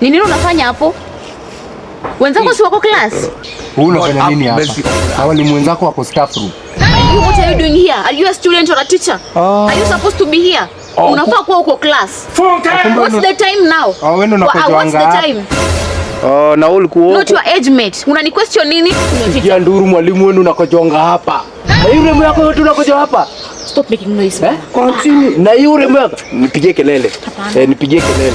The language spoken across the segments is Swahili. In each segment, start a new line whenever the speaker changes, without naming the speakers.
Ni nini unafanya hapo? Wenzako si wako class?
Unafanya nini hapa? Hawa ni wenzako wako staff room.
What are you doing here? Are you a student or a teacher? Ah. Are you supposed to be here? Oh, Unafaa kuwa uko class. What's the time now? Ah, wewe unakojoanga. Ah, what's the time?
Uh, ah, na all kuoko.
Not your age mate. Unani question nini?
Unafikia nduru mwalimu wenu unakojonga hapa. Na hiyo remo yako yote unakojonga hapa.
Stop making noise. Eh?
Kwa chini. Na hiyo remo yako nipigie kelele. Eh, nipigie kelele.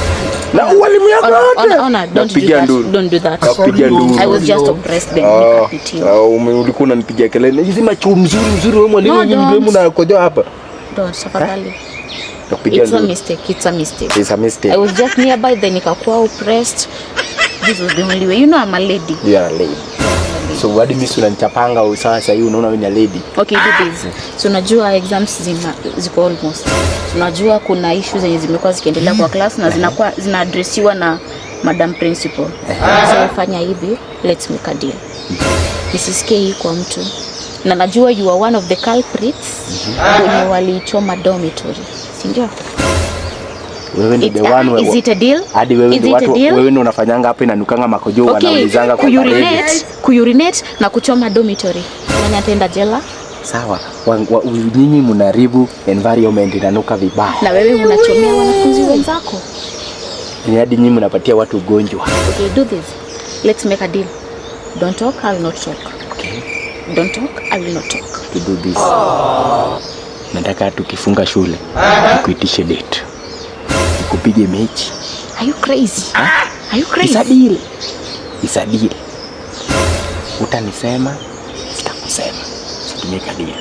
Na walimu yako
wote. Napigia nduru. Don't do that. Napigia nduru. I was just oppressed then. Ah, Nikapitia. Ah, ulikuwa
unanipigia kelele. Hizi macho mzuri mzuri wewe mwalimu wewe unakojonga hapa.
Don't eh? tafadhali. It's a mistake. It's a mistake. It's a mistake. I was just nearby then nikakuwa oppressed. Jesus limuliwe. You know I'm a lady.
You are a lady. So hadi mimi si unanichapanga au sasa hivi unaona wewe ni lady.
Okay, do this. Ah! So unajua exams zima ziko almost. Unajua kuna issues zenye zimekuwa zikiendelea kwa class na zinakuwa zinaaddressiwa na madam principal. So fanya hivi, let's make a deal. Nisisikie hii kwa mtu. Na najua you are one of the culprits mhm. wenye walichoma dormitory. Si ndio?
wewe ni the one wewe, is it a deal? Hadi wewe ni watu, wewe ndio unafanyanga hapa inanukanga makojo, okay. wanaulizanga okay,
kuyurinate, kuyurinate na kuchoma dormitory. Nani atenda jela?
Sawa, nyinyi mnaribu environment inanuka vibaya,
na wewe unachomea wanafunzi wenzako,
ni hadi nyinyi mnapatia watu ugonjwa.
Okay, do this, let's make a deal. Don't talk, I will not talk. Okay, don't talk, I will not talk.
To do this, oh. nataka tukifunga shule, tukuitishe date nikupige mechi.
Are you crazy? Are you crazy?
Isadili, isadili, utanisema sitakusema, situmie kadia